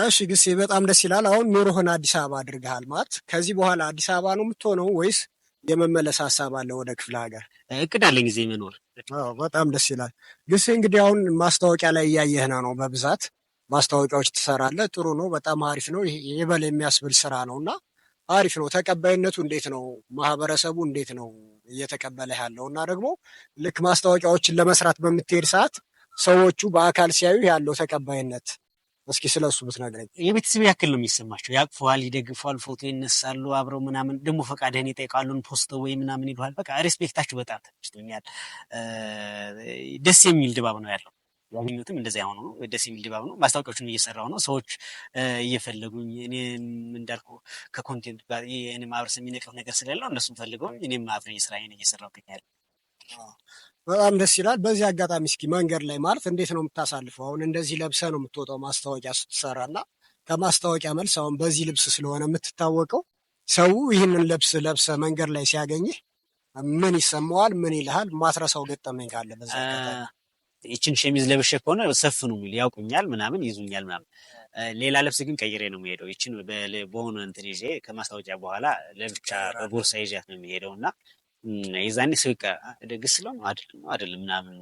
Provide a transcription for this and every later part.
እሺ ግሴ በጣም ደስ ይላል። አሁን ኑሮህን አዲስ አበባ አድርገሃል ማለት ከዚህ በኋላ አዲስ አበባ ነው የምትሆነው ወይስ የመመለስ ሀሳብ አለ ወደ ክፍለ ሀገር? እቅድ አለኝ ጊዜ መኖር። በጣም ደስ ይላል። ግሴ እንግዲህ አሁን ማስታወቂያ ላይ እያየህን ነው በብዛት ማስታወቂያዎች ትሰራለህ። ጥሩ ነው፣ በጣም አሪፍ ነው። የበል የሚያስብል ስራ ነው እና አሪፍ ነው። ተቀባይነቱ እንዴት ነው? ማህበረሰቡ እንዴት ነው እየተቀበለ ያለው? እና ደግሞ ልክ ማስታወቂያዎችን ለመስራት በምትሄድ ሰዓት ሰዎቹ በአካል ሲያዩ ያለው ተቀባይነት እስኪ ስለ እሱ ብትነግረኝ። የቤተሰብ ያክል ነው የሚሰማቸው። ያቅፈዋል፣ ይደግፈዋል፣ ፎቶ ይነሳሉ አብረው ምናምን። ደግሞ ፈቃድህን ይጠይቃሉን ፖስተ ወይ ምናምን ይልል። በቃ ሬስፔክታችሁ በጣም ተችቶኛል። ደስ የሚል ድባብ ነው ያለው። ያገኙትም እንደዚያ ሆኖ ነው። ደስ የሚል ድባብ ነው። ማስታወቂያዎችን እየሰራው ነው። ሰዎች እየፈለጉኝ እኔም እንዳልኩ ከኮንቴንት ጋር ማህበረሰብ የሚነቀፍ ነገር ስለለው እነሱም ፈልገው እኔም አብረን ስራዬን እየሰራው ገኛለ በጣም ደስ ይላል። በዚህ አጋጣሚ እስኪ መንገድ ላይ ማለት እንዴት ነው የምታሳልፈው? አሁን እንደዚህ ለብሰ ነው የምትወጣው ማስታወቂያ ስትሰራ እና ከማስታወቂያ መልስ አሁን በዚህ ልብስ ስለሆነ የምትታወቀው ሰው ይህንን ልብስ ለብሰ መንገድ ላይ ሲያገኝህ ምን ይሰማዋል? ምን ይልሃል? ማትረሳው ገጠመኝ ካለ በዛ ይችን ሸሚዝ ለብሼ ከሆነ ሰፍ ነው የሚል ያውቁኛል፣ ምናምን ይዙኛል፣ ምናምን። ሌላ ልብስ ግን ቀይሬ ነው የሚሄደው። ይችን በሆነ እንትን ይዤ ከማስታወቂያ በኋላ ለብቻ በቦርሳ ይዣት ነው የሚሄደው እና የዛኔ ሰው ይቀራል። ደግስ ስለው አይደለም አይደለም ምናምን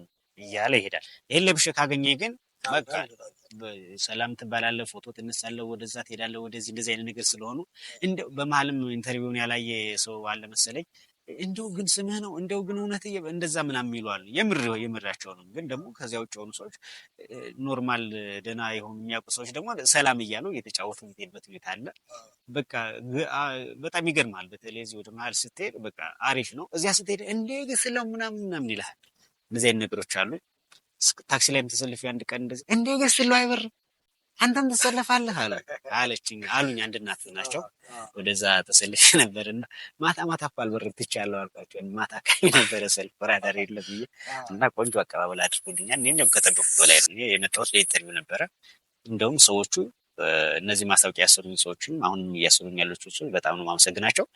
እያለ ይሄዳል። ይሄን ለብሼ ካገኘ ግን በቃ ሰላም ትባላለህ፣ ፎቶ ትነሳለህ፣ ወደዛ ትሄዳለህ፣ ወደዚህ እንደዚህ አይነት ነገር ስለሆኑ እንደው በመሀልም ኢንተርቪውን ያላየ ሰው አለ መሰለኝ እንደው ግን ስምህ ነው እንደው ግን እውነት እንደዛ ምናምን ይሏል። የምር የምራቸው ነው። ግን ደግሞ ከዚያ ውጭ የሆኑ ሰዎች ኖርማል ደህና የሆኑ የሚያውቁ ሰዎች ደግሞ ሰላም እያሉ እየተጫወቱ የሚሄድበት ሁኔታ አለ። በቃ በጣም ይገርማል። በተለይ እዚህ ወደ መሀል ስትሄድ በቃ አሪፍ ነው። እዚያ ስትሄድ እንደ ስለው ምናምን ምናምን ይልሃል። እንደዚህ አይነት ነገሮች አሉ። ታክሲ ላይም ተሰልፌ አንድ ቀን እንደዚህ እንደ ገስለው አይበርም አንተም ትሰለፋለህ አለችኝ አሉኝ። አንድ እናት ናቸው። ወደዛ ተሰልፌ እና ማታ ማታ እኮ አልበረም ትቻለሁ አልኳቸው። ማታ አካባቢ ነበረ ሰልፍ ወራዳር የለ ብዬ እና ቆንጆ አቀባበል አድርጎልኛል። እኔም ከጠበቅኩት በላይ የመጣሁት ለኢንተርቪው ነበረ። እንደውም ሰዎቹ እነዚህ ማስታወቂያ ያሰሩኝ ሰዎችም አሁን እያሰሩኝ ያሉት በጣም ነው ማመሰግናቸው።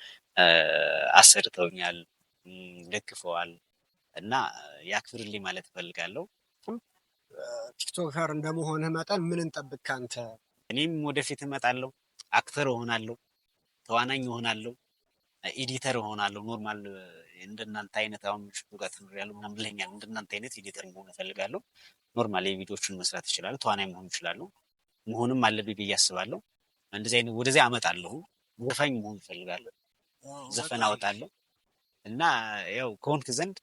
አሰርተውኛል፣ ደግፈዋል እና ያክብርልኝ ማለት እፈልጋለሁ። ቲክቶከር እንደመሆንህ መጠን ምን እንጠብቅ ካንተ? እኔም ወደፊት እመጣለሁ፣ አክተር እሆናለሁ፣ ተዋናኝ እሆናለሁ፣ ኤዲተር እሆናለሁ። ኖርማል እንደናንተ አይነት አሁን ሽቱ ጋር ተምሬያለሁ ምናምን ብለኛል። እንደናንተ አይነት ኤዲተር መሆን እፈልጋለሁ። ኖርማል የቪዲዮዎችን መስራት እችላለሁ፣ ተዋናኝ መሆን እችላለሁ፣ መሆንም አለብኝ ብዬ አስባለሁ። እንደዚህ አይነት ወደዚያ አመጣለሁ። ዘፋኝ መሆን እፈልጋለሁ፣ ዘፈን አወጣለሁ እና ያው ከሆንክ ዘንድ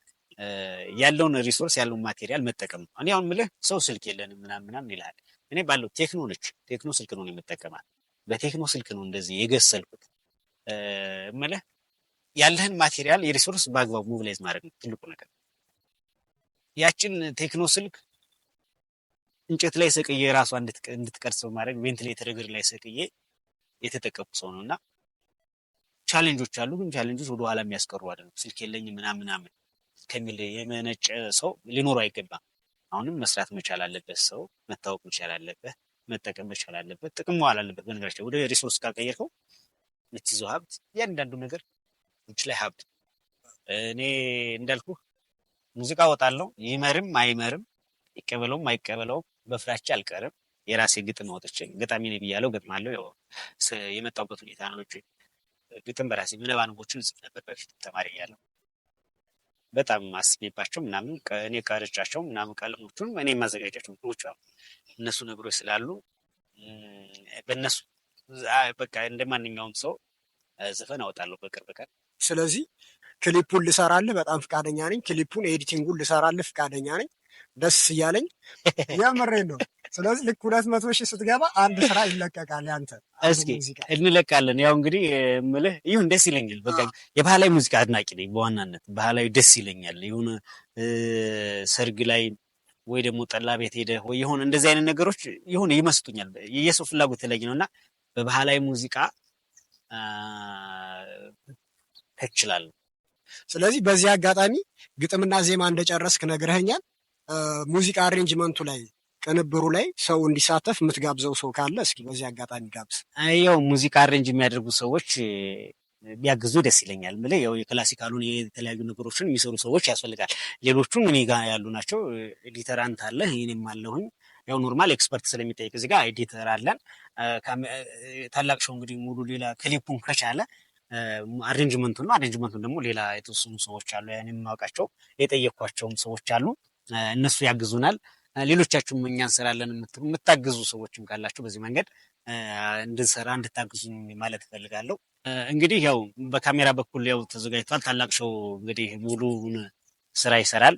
ያለውን ሪሶርስ ያለውን ማቴሪያል መጠቀም ነው። እኔ አሁን ምልህ ሰው ስልክ የለን ምናምን ምናምን ይላል። እኔ ባለው ቴክኖሎጂ ቴክኖ ስልክ ነው የምጠቀማል። በቴክኖ ስልክ ነው እንደዚህ የገሰልኩት ምልህ ያለህን ማቴሪያል የሪሶርስ በአግባቡ ሞቢላይዝ ማድረግ ነው ትልቁ ነገር። ያችን ቴክኖ ስልክ እንጨት ላይ ሰቅዬ ራሷ እንድትቀርሰው ማድረግ ቬንትሌተር እግር ላይ ሰቅዬ የተጠቀሙ ሰው ነው እና ቻሌንጆች አሉ። ግን ቻሌንጆች ወደኋላ የሚያስቀሩ አይደለም። ስልክ የለኝ ምናምን ምናምን ከሚል የመነጨ ሰው ሊኖሩ አይገባም። አሁንም መስራት መቻል አለበት። ሰው መታወቅ መቻል አለበት። መጠቀም መቻል አለበት። ጥቅም መዋል አለበት። በነገራቸው ወደ ሪሶርስ ካልቀየርከው የምትይዘው ሀብት እያንዳንዱ ነገር ውጭ ላይ ሀብት እኔ እንዳልኩ ሙዚቃ ወጣለው ይመርም አይመርም ይቀበለውም አይቀበለውም በፍራቻ አልቀርም። የራሴ ግጥም ወጥቼ ገጣሚ ነኝ ብያለሁ፣ ገጥማለሁ። የመጣውበት ሁኔታ ነው። ግጥም በራሴ ምነባንቦችን ጽፍ ነበር በፊት ተማሪ እያለሁ በጣም አስቤባቸው ምናምን እኔ ካረጫቸው ምናምን ቀለሞቹን እኔ የማዘጋጃቸው እንትኖች አሉ። እነሱ ነገሮች ስላሉ በእነሱ በቃ እንደ ማንኛውም ሰው ዘፈን አወጣለሁ በቅርብ ቀን። ስለዚህ ክሊፑን ልሰራልህ በጣም ፍቃደኛ ነኝ። ክሊፑን ኤዲቲንጉን ልሰራልህ ፍቃደኛ ነኝ። ደስ እያለኝ የምሬ ነው። ስለዚህ ልክ ሁለት መቶ ሺህ ስትገባ አንድ ስራ ይለቀቃል። ያንተ እስኪ እንለቃለን። ያው እንግዲህ ምልህ ይሁን ደስ ይለኛል። በቃ የባህላዊ ሙዚቃ አድናቂ ነኝ በዋናነት ባህላዊ ደስ ይለኛል። የሆነ ሰርግ ላይ ወይ ደግሞ ጠላ ቤት ሄደ ወይ የሆነ እንደዚህ አይነት ነገሮች የሆነ ይመስጡኛል። የሰው ፍላጎት የተለየ ነው እና በባህላዊ ሙዚቃ ተችላል። ስለዚህ በዚህ አጋጣሚ ግጥምና ዜማ እንደጨረስክ ነግረኸኛል። ሙዚቃ አሬንጅመንቱ ላይ ቅንብሩ ላይ ሰው እንዲሳተፍ የምትጋብዘው ሰው ካለ እስኪ በዚህ አጋጣሚ ጋብዝ። ያው ሙዚቃ አሬንጅ የሚያደርጉ ሰዎች ቢያግዙ ደስ ይለኛል። ምለ ያው የክላሲካሉን የተለያዩ ነገሮችን የሚሰሩ ሰዎች ያስፈልጋል። ሌሎቹም እኔ ጋር ያሉ ናቸው። ኤዲተራንት አለ፣ እኔም አለሁኝ። ያው ኖርማል ኤክስፐርት ስለሚጠይቅ እዚህ ጋር ኤዲተር አለን። ታላቅ ሸው እንግዲህ ሙሉ ሌላ ክሊፑን ከቻለ አሬንጅመንቱን ነው። አሬንጅመንቱን ደግሞ ሌላ የተወሰኑ ሰዎች አሉ፣ ያን የማውቃቸው የጠየኳቸውም ሰዎች አሉ። እነሱ ያግዙናል። ሌሎቻችሁም እኛ እንሰራለን የምትሉ የምታግዙ ሰዎችም ካላችሁ በዚህ መንገድ እንድንሰራ እንድታግዙ ማለት እፈልጋለሁ። እንግዲህ ያው በካሜራ በኩል ያው ተዘጋጅቷል። ታላቅ ሰው እንግዲህ ሙሉውን ስራ ይሰራል።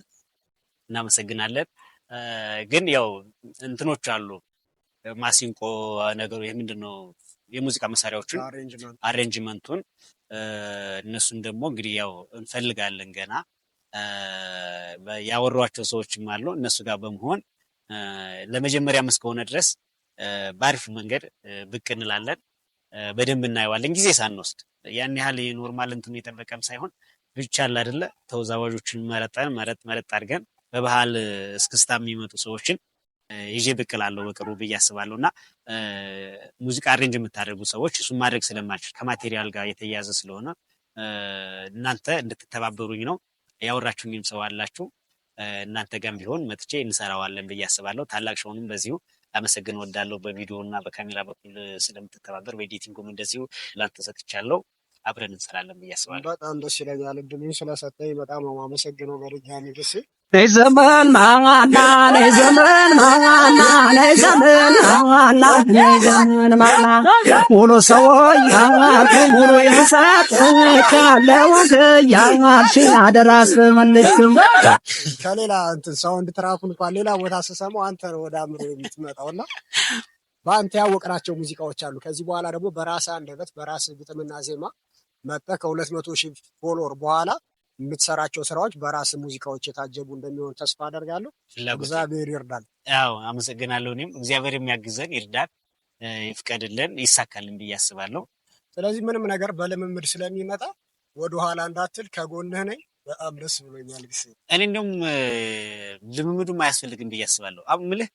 እናመሰግናለን። ግን ያው እንትኖች አሉ ማሲንቆ ነገሩ ይህ ምንድን ነው? የሙዚቃ መሳሪያዎችን አሬንጅመንቱን እነሱን ደግሞ እንግዲህ ያው እንፈልጋለን ገና ያወሯቸው ሰዎችም አሉ። እነሱ ጋር በመሆን ለመጀመሪያም እስከሆነ ድረስ በአሪፍ መንገድ ብቅ እንላለን። በደንብ እናየዋለን፣ ጊዜ ሳንወስድ ያን ያህል የኖርማል እንትን የጠበቀም ሳይሆን ብቻ አለ ተወዛዋዦችን መረጠን መረጥ መረጥ አድርገን በባህል እስክስታ የሚመጡ ሰዎችን ይዤ ብቅ እላለሁ በቅርቡ ብዬ አስባለሁ። እና ሙዚቃ አሬንጅ የምታደርጉ ሰዎች እሱን ማድረግ ስለማችል ከማቴሪያል ጋር የተያያዘ ስለሆነ እናንተ እንድትተባበሩኝ ነው። ያወራችሁኝም ሰው አላችሁ። እናንተ ጋም ቢሆን መጥቼ እንሰራዋለን ብዬ አስባለሁ። ታላቅ ሸውንም በዚሁ አመሰግን ወዳለሁ። በቪዲዮ እና በካሜራ በኩል ስለምትተባበር በኤዲቲንጉም እንደዚሁ ላንተ ሰጥቻለሁ። አብረን እንሰራለን ብዬ አስባለሁ። በጣም ደስ ይለኛል። እድሜ ስለሰጠኝ በጣም አመሰግነው። በርጃ ንግስ ዘመን ማና ዘመን ማና ዘመን ማና ዘመን ማና ሙሉ ሙሉ አደራስ ከሌላ እንትን ሳውንድ ትራኩን እንኳን ሌላ ቦታ ስሰማው አንተ ወደ በአንተ ያወቅናቸው ሙዚቃዎች አሉ። ከዚህ በኋላ ደግሞ በራስ አንደበት በራስ ግጥምና ዜማ መጠ ከሁለት መቶ ሺህ ፎሎወር በኋላ የምትሰራቸው ስራዎች በራስ ሙዚቃዎች የታጀቡ እንደሚሆኑ ተስፋ አደርጋለሁ። እግዚአብሔር ይርዳል። አዎ አመሰግናለሁ። እኔም እግዚአብሔር የሚያግዘን ይርዳል፣ ይፍቀድልን፣ ይሳካልን ብዬ አስባለሁ። ስለዚህ ምንም ነገር በልምምድ ስለሚመጣ ወደኋላ እንዳትል ከጎንህ ነኝ። በጣም ደስ ብሎኛል። እኔ እንደውም ልምምዱም አያስፈልግም ብዬ አስባለሁ። አሁን ምልህ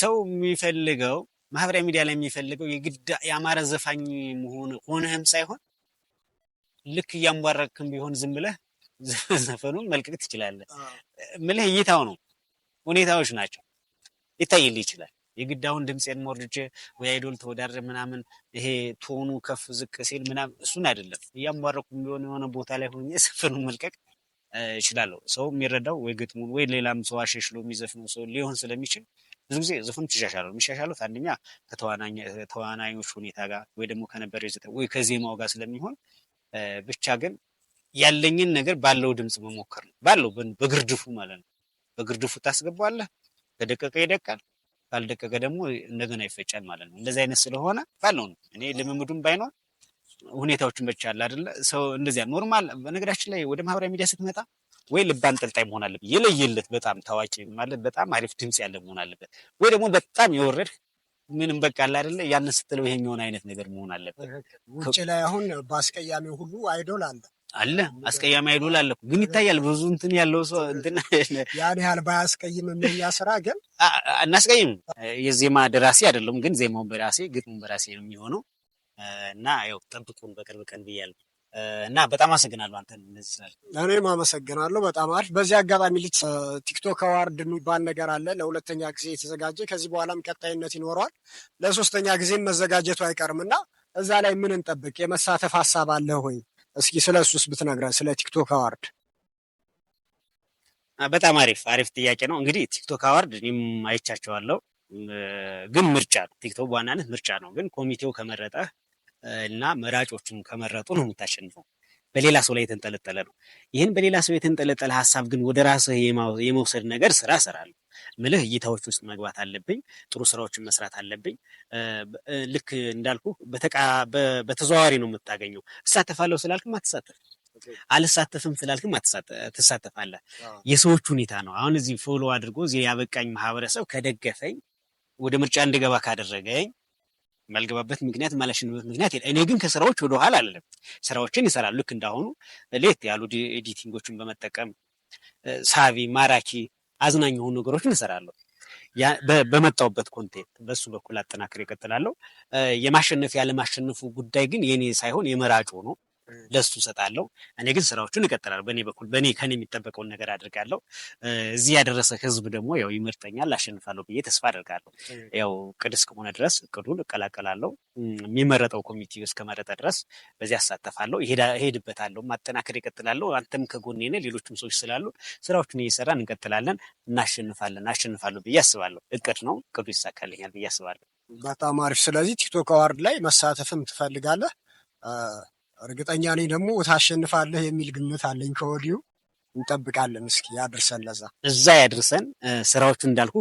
ሰው የሚፈልገው ማህበራዊ ሚዲያ ላይ የሚፈልገው የግድ የአማረ ዘፋኝ መሆን ሆነህም ሳይሆን ልክ እያንቧረቅክም ቢሆን ዝም ብለህ ዘፈኑን መልቀቅ ትችላለህ። ምልህ እይታው ነው፣ ሁኔታዎች ናቸው። ይታይል ይችላል። የግዳውን አሁን ድምፄን ሞርድቼ ወይ አይዶል ተወዳደር ምናምን ይሄ ቶኑ ከፍ ዝቅ ሲል ምናምን እሱን አይደለም። እያንቧረኩም ቢሆን የሆነ ቦታ ላይ ሆኜ ዘፈኑን መልቀቅ እችላለሁ። ሰው የሚረዳው ወይ ግጥሙን ወይ ሌላም ሰው አሸሽሎ የሚዘፍነው ሰው ሊሆን ስለሚችል ብዙ ጊዜ ዘፈኖች ትሻሻለ የሚሻሻሉት አንደኛ ከተዋናዮች ሁኔታ ጋር ወይ ደግሞ ከነበረው ወይ ከዜማው ጋር ስለሚሆን ብቻ ግን ያለኝን ነገር ባለው ድምፅ መሞከር ነው። ባለው በግርድፉ ማለት ነው። በግርድፉ ታስገባለህ። ከደቀቀ ይደቃል፣ ካልደቀቀ ደግሞ እንደገና ይፈጫል ማለት ነው። እንደዚህ አይነት ስለሆነ ባለው ነው። እኔ ልምምዱም ባይኖር ሁኔታዎችን ብቻ አለ አይደለ? ሰው እንደዚያ ኖርማል። በነገራችን ላይ ወደ ማህበራዊ ሚዲያ ስትመጣ ወይ ልብ አንጠልጣይ መሆን አለበት፣ የለየለት በጣም ታዋቂ ማለት በጣም አሪፍ ድምፅ ያለ መሆን አለበት፣ ወይ ደግሞ በጣም የወረድህ ምንም በቃ አለ አይደለ ያን ስትለው ይሄኛውን አይነት ነገር መሆን አለበት። ውጭ ላይ አሁን በአስቀያሚ ሁሉ አይዶል አለ አለ አስቀያሚ አይዶል አለ ግን ይታያል። ብዙ እንትን ያለው ሰው እንትን ያን ያህል ባያስቀይም የሚያ ስራ ግን እናስቀይም። የዜማ ደራሲ አይደለም ግን ዜማውን በራሴ ግጥሙን በራሴ ነው የሚሆነው እና ያው ጠብቁን በቅርብ ቀን ብያለሁ። እና በጣም አመሰግናለሁ። አንተ እኔም አመሰግናለሁ። በጣም አሪፍ። በዚህ አጋጣሚ ልጅ ቲክቶክ አዋርድ የሚባል ነገር አለ ለሁለተኛ ጊዜ የተዘጋጀ ከዚህ በኋላም ቀጣይነት ይኖረዋል። ለሶስተኛ ጊዜም መዘጋጀቱ አይቀርም እና እዛ ላይ ምን እንጠብቅ? የመሳተፍ ሀሳብ አለ ሆይ? እስኪ ስለ እሱስ ብትነግረን ስለ ቲክቶክ አዋርድ። በጣም አሪፍ አሪፍ ጥያቄ ነው። እንግዲህ ቲክቶክ አዋርድ እኔም አይቻቸዋለሁ፣ ግን ምርጫ ነው። ቲክቶክ በዋናነት ምርጫ ነው፣ ግን ኮሚቴው ከመረጠ እና መራጮቹን ከመረጡ ነው የምታሸንፈው። በሌላ ሰው ላይ የተንጠለጠለ ነው። ይህን በሌላ ሰው የተንጠለጠለ ሀሳብ ግን ወደ ራስህ የመውሰድ ነገር ስራ እሰራለሁ ምልህ እይታዎች ውስጥ መግባት አለብኝ። ጥሩ ስራዎችን መስራት አለብኝ። ልክ እንዳልኩ በተዘዋዋሪ ነው የምታገኘው። እሳተፋለሁ ስላልክም አትሳተፍ፣ አልሳተፍም ስላልክም ትሳተፋለህ። የሰዎች ሁኔታ ነው። አሁን እዚህ ፎሎ አድርጎ እዚህ ያበቃኝ ማህበረሰብ ከደገፈኝ፣ ወደ ምርጫ እንድገባ ካደረገኝ የማልገባበት ምክንያት የማላሽንበት ምክንያት የለ። እኔ ግን ከስራዎች ወደኋላ አለም ስራዎችን ይሰራል። ልክ እንዳሁኑ ሌት ያሉ ኤዲቲንጎችን በመጠቀም ሳቢ፣ ማራኪ፣ አዝናኝ የሆኑ ነገሮችን እሰራለሁ። በመጣውበት ኮንቴንት በሱ በኩል አጠናክር ይቀጥላለሁ። የማሸነፍ ያለማሸነፉ ጉዳይ ግን የኔ ሳይሆን የመራጩ ነው። ለሱ እሰጣለሁ። እኔ ግን ስራዎቹን እቀጥላለሁ። በእኔ በኩል በእኔ ከኔ የሚጠበቀውን ነገር አድርጋለሁ። እዚህ ያደረሰ ህዝብ ደግሞ ያው ይመርጠኛል፣ አሸንፋለሁ ብዬ ተስፋ አደርጋለሁ። ያው ቅድ እስከሆነ ድረስ እቅዱን እቀላቀላለሁ። የሚመረጠው ኮሚቴ እስከመረጠ ድረስ በዚህ አሳተፋለሁ፣ እሄድበታለሁ፣ ማጠናከር ይቀጥላለሁ። አንተም ከጎኔ ነህ፣ ሌሎችም ሰዎች ስላሉ ስራዎቹን እየሰራን እንቀጥላለን፣ እናሸንፋለን፣ አሸንፋለሁ ብዬ አስባለሁ። እቅድ ነው፣ እቅዱ ይሳካልኛል ብዬ አስባለሁ። በጣም አሪፍ። ስለዚህ ቲክቶክ አዋርድ ላይ መሳተፍም ትፈልጋለህ? እርግጠኛ ነኝ ደግሞ ታሸንፋለህ የሚል ግምት አለኝ ከወዲሁ። እንጠብቃለን። እስኪ ያድርሰን፣ ለዛ እዛ ያድርሰን። ስራዎቹ እንዳልኩ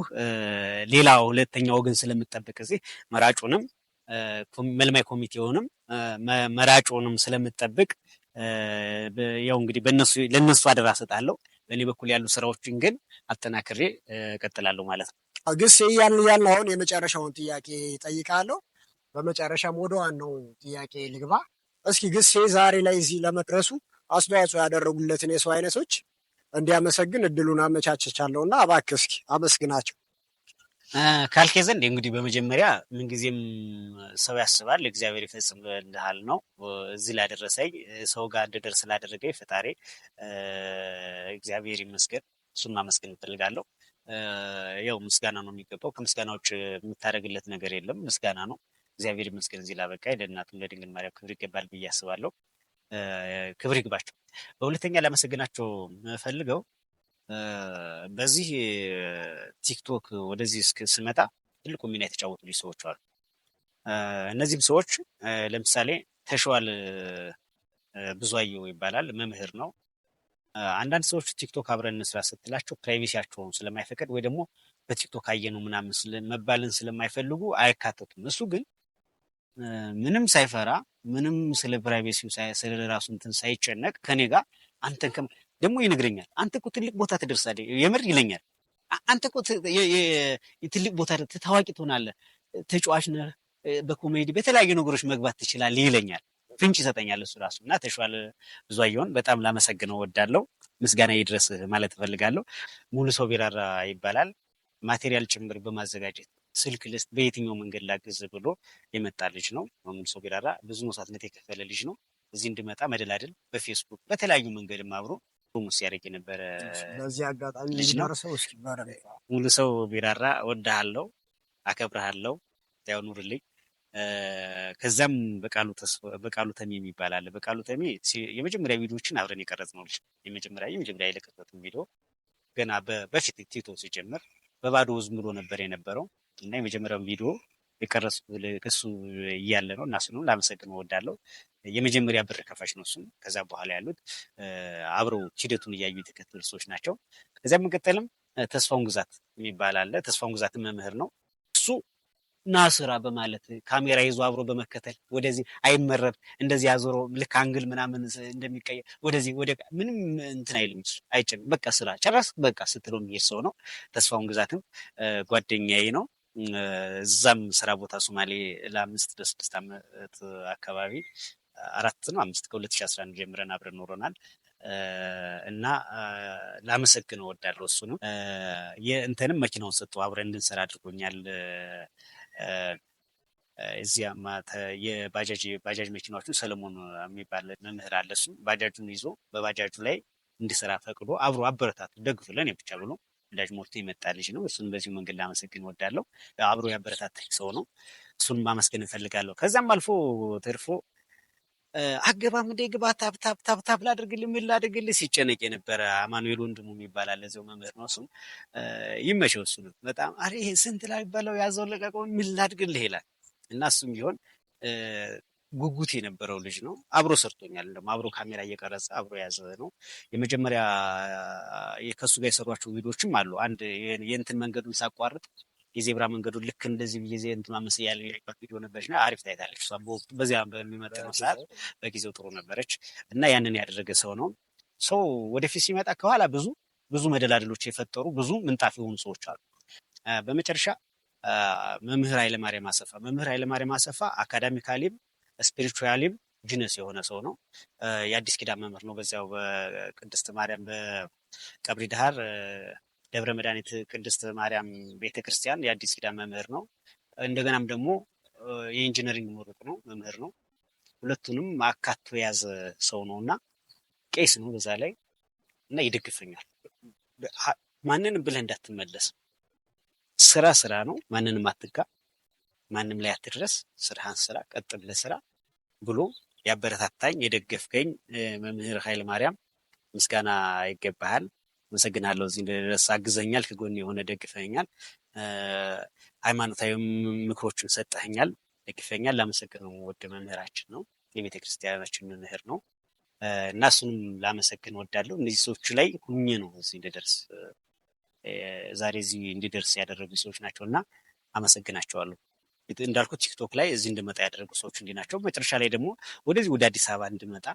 ሌላ ሁለተኛ ወገን ስለምጠብቅ እዚህ መራጩንም መልማይ ኮሚቴውንም መራጩንም ስለምጠብቅ ያው እንግዲህ ለእነሱ አደራ ሰጣለሁ። በእኔ በኩል ያሉ ስራዎችን ግን አጠናክሬ እቀጥላለሁ ማለት ነው። ግስ ያን ያን አሁን የመጨረሻውን ጥያቄ ጠይቃለሁ። በመጨረሻም ወደ ዋናው ጥያቄ ልግባ። እስኪ ግሴ ዛሬ ላይ እዚህ ለመድረሱ አስተዋጽኦ ያደረጉለትን የሰው አይነቶች እንዲያመሰግን እድሉን አመቻቸቻለሁ እና እባክህ እስኪ አመስግናቸው ካልኬ ዘንድ እንግዲህ በመጀመሪያ ምንጊዜም ሰው ያስባል እግዚአብሔር ይፈጽምልሃል ነው። እዚህ ላደረሰኝ ሰው ጋር እንድደርስ ላደረገኝ ፈጣሪ እግዚአብሔር ይመስገን። እሱን ማመስገን እንፈልጋለሁ። ያው ምስጋና ነው የሚገባው። ከምስጋናዎች የምታደርግለት ነገር የለም፣ ምስጋና ነው። እግዚአብሔር ይመስገን እዚህ ላበቃ ለእናቱም ለድንግል ማርያም ክብር ይገባል ብዬ አስባለሁ። ክብር ይግባቸው። በሁለተኛ ላመሰግናቸው የምፈልገው በዚህ ቲክቶክ ወደዚህ ስመጣ ትልቁ ሚና ልጅ ሰዎች አሉ። እነዚህም ሰዎች ለምሳሌ ተሸዋል ብዙአየሁ ይባላል፣ መምህር ነው። አንዳንድ ሰዎች ቲክቶክ አብረን እንስራ ስትላቸው ፕራይቬሲያቸውን ስለማይፈቀድ ወይ ደግሞ በቲክቶክ አየነው ምናምን መባልን ስለማይፈልጉ አይካተቱም። እሱ ግን ምንም ሳይፈራ ምንም ስለ ፕራይቬሲው ስለ ራሱ እንትን ሳይጨነቅ ከኔ ጋር አንተ ከም ደግሞ ይነግረኛል። አንተ እኮ ትልቅ ቦታ ትደርሳለህ፣ የምር ይለኛል። አንተ እኮ ትልቅ ቦታ ታዋቂ ትሆናለህ፣ ተጫዋች ነህ፣ በኮሜዲ በተለያዩ ነገሮች መግባት ትችላለህ ይለኛል። ፍንጭ ይሰጠኛል እሱ ራሱ እና ተሸዋል ብዙ አየሁን በጣም ላመሰግነው ወዳለው ምስጋና ይድረስ ማለት እፈልጋለሁ። ሙሉ ሰው ቢራራ ይባላል። ማቴሪያል ጭምር በማዘጋጀት ስልክ ልስጥ በየትኛው መንገድ ላግዝ ብሎ የመጣ ልጅ ነው። መሙል ሰው ቢራራ ብዙ መስዋዕትነት የከፈለ ልጅ ነው። እዚህ እንድመጣ መደላደል በፌስቡክ በተለያዩ መንገድም አብሮ ሙስ ያደግ የነበረ ልጅ ነው። ሙሉ ሰው ቢራራ ወዳሃለው፣ አከብረሃለው፣ ያው ኑርልኝ። ከዛም በቃሉ ተሜ የሚባል አለ። በቃሉ ተሜ የመጀመሪያ ቪዲዮዎችን አብረን የቀረጽነው ልጅ የመጀመሪያ የመጀመሪያ የለቀቀቱን ቪዲዮ ገና በፊት ቲቶ ሲጀምር በባዶ ዝም ብሎ ነበር የነበረው። እና የመጀመሪያውን ቪዲዮ የቀረጹ እሱ እያለ ነው እና ስኑ ላመሰግን እወዳለሁ። የመጀመሪያ ብር ከፋሽ ነው እሱም። ከዛ በኋላ ያሉት አብረው ሂደቱን እያዩ የተከተሉ ሰዎች ናቸው። ከዚያ በመቀጠልም ተስፋውን ግዛት የሚባል አለ። ተስፋውን ግዛት መምህር ነው እሱ ናስራ በማለት ካሜራ ይዞ አብሮ በመከተል ወደዚህ አይመረብ እንደዚህ አዞሮ ልክ አንግል ምናምን እንደሚቀየር ወደዚህ ወደ ምንም እንትን አይልም አይጭም። በቃ ስራ ጨረስ በቃ ስትለው የሚሄድ ሰው ነው። ተስፋውን ግዛትም ጓደኛዬ ነው። እዛም ስራ ቦታ ሶማሌ ለአምስት ለስድስት ዓመት አካባቢ አራት ነው አምስት ከ2011 ጀምረን አብረን ኖረናል እና ላመሰግን እወዳለሁ። ነው የእንተንም መኪናውን ሰጥቶ አብረን እንድንሰራ አድርጎኛል። እዚያ የባጃጅ ባጃጅ መኪናዎችን ሰለሞን የሚባል መምህር አለ። እሱ ባጃጁን ይዞ በባጃጁ ላይ እንድሰራ ፈቅዶ አብሮ አበረታቱ ደግፍለን ብቻ ብሎ ወዳጅ ሞልቶ የመጣ ልጅ ነው። እሱን በዚሁ መንገድ ላመሰግን ወዳለው አብሮ ያበረታታኝ ሰው ነው። እሱን ማመስገን እንፈልጋለሁ። ከዚያም አልፎ ተርፎ አገባም እንደ ግባ ታፕ ታፕ ላድርግል ምን ላድርግል ሲጨነቅ የነበረ አማኑኤል ወንድሙ የሚባል አለ። እዚያው መምህር ነው። እሱም ይመቸው። እሱ ነው በጣም አሬ ስንት ላይ ባለው ያዘው ለቀቀው ምን ላድርግልህ ይላል እና እሱም ቢሆን ጉጉት የነበረው ልጅ ነው። አብሮ ሰርቶኛል። ደግሞ አብሮ ካሜራ እየቀረጸ አብሮ የያዘ ነው። የመጀመሪያ ከሱ ጋር የሰሯቸው ቪዲዮችም አሉ። አንድ የእንትን መንገዱን ሳቋርጥ የዜብራ መንገዱ ልክ እንደዚህ ብዬ እንትን ማመስ ያለበት ቪዲዮ ነበረች እና አሪፍ ታይታለች። እሷ በወቅቱ በዚያ በሚመጣው ሰዓት በጊዜው ጥሩ ነበረች እና ያንን ያደረገ ሰው ነው። ሰው ወደፊት ሲመጣ ከኋላ ብዙ ብዙ መደላደሎች የፈጠሩ ብዙ ምንጣፍ የሆኑ ሰዎች አሉ። በመጨረሻ መምህር ኃይለማርያም አሰፋ መምህር ኃይለማርያም አሰፋ አካዳሚካሊም ስፒሪቹዋሊም ጂነስ የሆነ ሰው ነው። የአዲስ ኪዳን መምህር ነው። በዚያው በቅድስት ማርያም በቀብሪ ዳሃር ደብረ መድኃኒት ቅድስት ማርያም ቤተክርስቲያን የአዲስ ኪዳን መምህር ነው። እንደገናም ደግሞ የኢንጂነሪንግ ምሩቅ ነው፣ መምህር ነው። ሁለቱንም አካቶ የያዘ ሰው ነው እና ቄስ ነው በዛ ላይ እና ይደግፈኛል። ማንንም ብለህ እንዳትመለስ ስራ ስራ ነው። ማንንም አትጋ ማንም ላይ አትድረስ፣ ስራህን ስራ፣ ቀጥል ለስራ ብሎ ያበረታታኝ የደገፍከኝ መምህር ኃይለ ማርያም ምስጋና ይገባሃል። አመሰግናለሁ። እዚህ እንደደረስ አግዘኛል፣ ከጎን የሆነ ደግፈኛል፣ ሃይማኖታዊ ምክሮችን ሰጠኛል፣ ደግፈኛል። ላመሰግነው ወደ መምህራችን ነው የቤተ ክርስቲያናችን መምህር ነው እና እሱንም ላመሰግን ወዳለሁ። እነዚህ ሰዎቹ ላይ ሁኜ ነው እዚህ እንደደርስ ዛሬ እዚህ እንዲደርስ ያደረጉ ሰዎች ናቸው እና አመሰግናቸዋለሁ። እንዳልኩት ቲክቶክ ላይ እዚህ እንድመጣ ያደረጉ ሰዎች እንዲህ ናቸው። መጨረሻ ላይ ደግሞ ወደዚህ ወደ አዲስ አበባ እንድመጣ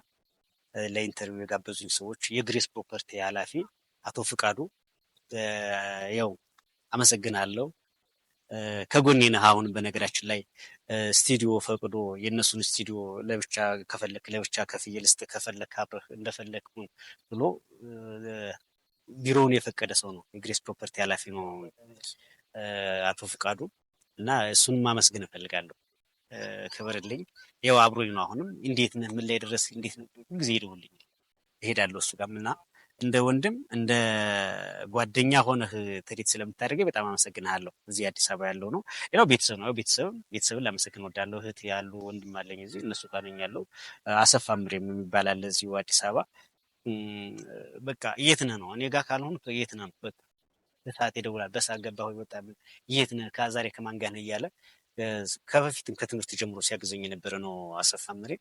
ለኢንተርቪው የጋበዙኝ ሰዎች የግሬስ ፕሮፐርቲ ኃላፊ አቶ ፍቃዱ ያው አመሰግናለሁ ከጎኔ ነህ። አሁን በነገራችን ላይ ስቱዲዮ ፈቅዶ የእነሱን ስቱዲዮ ለብቻ ከፈለክ ለብቻ ከፍዬ ልስጥ ከፈለክ አብረህ እንደፈለክ ብሎ ቢሮውን የፈቀደ ሰው ነው። የግሬስ ፕሮፐርቲ ኃላፊ ነው አቶ ፍቃዱ። እና እሱን ማመስገን እፈልጋለሁ። ክብርልኝ። ይኸው አብሮኝ ነው። አሁንም እንዴት ነህ? ምን ላይ ደረስ? እንዴት ነው? ጊዜ ይደውልኝ፣ እሄዳለሁ እሱ ጋርም እና እንደ ወንድም እንደ ጓደኛ ሆነህ ትሪት ስለምታደርገኝ በጣም አመሰግንሃለሁ። እዚህ አዲስ አበባ ያለው ነው። ሌላው ቤተሰብ ነው። ቤተሰብ ቤተሰብን ላመሰግን ወዳለሁ። እህት ያሉ ወንድም አለኝ እዚህ እነሱ ጋር ነኝ ያለው። አሰፋ ምሬም የሚባል አለ እዚሁ አዲስ አበባ። በቃ የት ነህ ነው እኔ ጋር ካልሆን የት ነህ ነው በቃ በሰዓት ይደውላል። በሰዓት ገባ ሆይ ወጣ፣ የት ነህ፣ ከዛሬ ከማን ጋር ነህ እያለ ከበፊትም ከትምህርት ጀምሮ ሲያግዘኝ የነበረ ነው አሰፋ መሬ።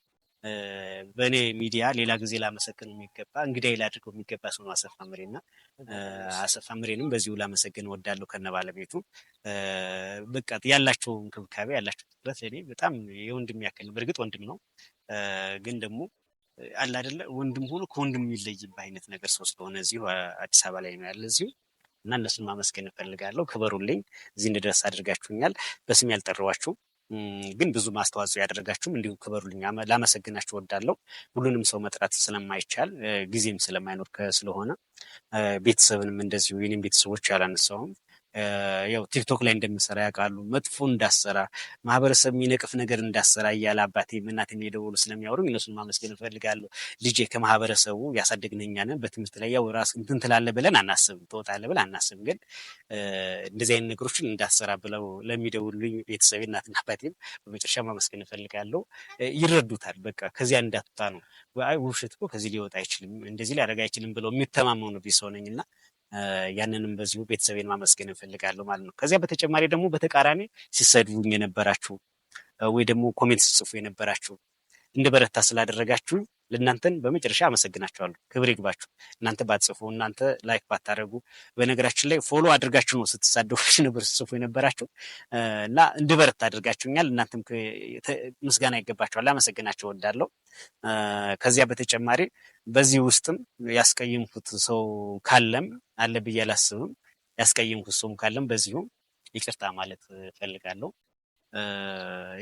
በእኔ ሚዲያ ሌላ ጊዜ ላመሰግነው የሚገባ እንግዲህ ላድርገው የሚገባ ሰው ነው አሰፋ ምሬና አሰፋ መሬንም በዚሁ ላመሰግን ወዳለሁ ከነ ባለቤቱ። በቃ ያላቸው እንክብካቤ ያላቸው ትኩረት እኔ በጣም የወንድም ያክል በእርግጥ ወንድም ነው፣ ግን ደግሞ አለ አይደለ ወንድም ሆኖ ከወንድም የሚለይበት አይነት ነገር ሰው ስለሆነ እዚሁ አዲስ አበባ ላይ ነው ያለ እዚሁ እና እነሱን ማመስገን እንፈልጋለሁ። ክበሩልኝ፣ እዚህ እንድደርስ አድርጋችሁኛል። በስም ያልጠራኋችሁ ግን ብዙ ማስተዋጽኦ ያደረጋችሁም እንዲሁ ክበሩልኝ፣ ላመሰግናችሁ ወዳለው ሁሉንም ሰው መጥራት ስለማይቻል ጊዜም ስለማይኖር ስለሆነ ቤተሰብንም እንደዚሁ የኔም ቤተሰቦች ያላነሳውም ያው ቲክቶክ ላይ እንደምሰራ ያውቃሉ። መጥፎ እንዳሰራ ማህበረሰብ የሚነቅፍ ነገር እንዳሰራ እያለ አባቴም እናቴም እየደወሉ ስለሚያወሩኝ እነሱን ማመስገን እፈልጋለሁ። ልጄ ከማህበረሰቡ ያሳደግን እኛ ነን። በትምህርት ላይ ያው ራስ እንትን ትላለህ ብለን አናስብም፣ ትወጣለህ ብለን አናስብም። ግን እንደዚህ አይነት ነገሮችን እንዳሰራ ብለው ለሚደውሉኝ ቤተሰብ እናትና አባቴም በመጨረሻ ማመስገን እፈልጋለሁ። ይረዱታል። በቃ ከዚያ እንዳትወጣ ነው ውሸት እኮ ከዚህ ሊወጣ አይችልም፣ እንደዚህ ሊያደርግ አይችልም ብለው የሚተማመኑ ቢሰው ነኝ እና ያንንም በዚሁ ቤተሰቤን ማመስገን እንፈልጋለሁ ማለት ነው። ከዚያ በተጨማሪ ደግሞ በተቃራኒ ሲሰድቡኝ የነበራችሁ ወይ ደግሞ ኮሜንት ሲጽፉ የነበራችሁ እንድበረታ ስላደረጋችሁ ለእናንተን በመጨረሻ አመሰግናችኋለሁ። ክብር ይግባችሁ። እናንተ ባትጽፉ፣ እናንተ ላይክ ባታደረጉ፣ በነገራችን ላይ ፎሎ አድርጋችሁ ነው ስትሳደፉች ነበር ስጽፉ የነበራችሁ እና እንድበረታ አድርጋችሁኛል። እናንተም ምስጋና ይገባችኋል። አመሰግናቸው እወዳለሁ። ከዚያ በተጨማሪ በዚህ ውስጥም ያስቀየምኩት ሰው ካለም አለ ብዬ አላስብም። ያስቀየምኩት ሰውም ካለም በዚሁም ይቅርታ ማለት እፈልጋለሁ።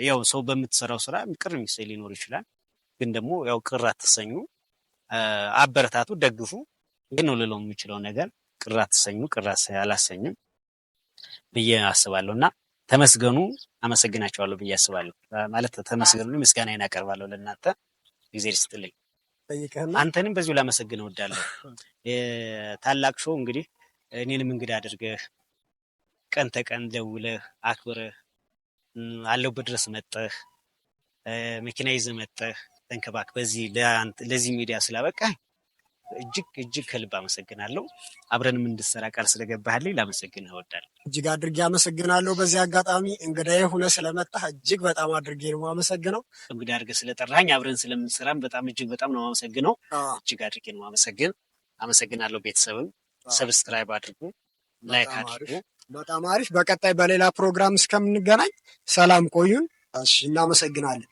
ያው ሰው በምትሰራው ስራ ቅር የሚሰኝ ሊኖር ይችላል። ግን ደግሞ ያው ቅር አትሰኙ፣ አበረታቱ፣ ደግፉ። ይህ ነው ልለው የሚችለው ነገር። ቅር አትሰኙ፣ ቅር አላሰኝም ብዬ አስባለሁ እና ተመስገኑ፣ አመሰግናቸዋለሁ ብዬ አስባለሁ። ማለት ተመስገኑ፣ ምስጋና አቀርባለሁ ለእናንተ እግዜር ይስጥልኝ። አንተንም በዚሁ ላመሰግን እወዳለሁ። ታላቅ ሾው እንግዲህ እኔንም እንግዳ አድርገህ ቀን ተቀን ደውለህ አክብረህ አለሁበት ድረስ መጠህ መኪና ይዘህ መጠህ ተንከባክ በዚህ ለዚህ ሚዲያ ስላበቃህ እጅግ እጅግ ከልብ አመሰግናለሁ። አብረንም እንድሰራ ቃል ስለገባህልኝ ላመሰግንህ እወዳለሁ። እጅግ አድርጌ አመሰግናለሁ። በዚህ አጋጣሚ እንግዳዬ ሁነህ ስለመጣህ እጅግ በጣም አድርጌ ነው አመሰግነው። እንግዳ አድርገህ ስለጠራኝ አብረን ስለምንሰራም በጣም እጅግ በጣም ነው አመሰግነው። እጅግ አድርጌ ነው የማመሰግን። አመሰግናለሁ። ቤተሰብም ሰብስክራይብ አድርጉ፣ ላይክ አድርጉ። በጣም አሪፍ። በቀጣይ በሌላ ፕሮግራም እስከምንገናኝ ሰላም ቆዩን። እናመሰግናለን።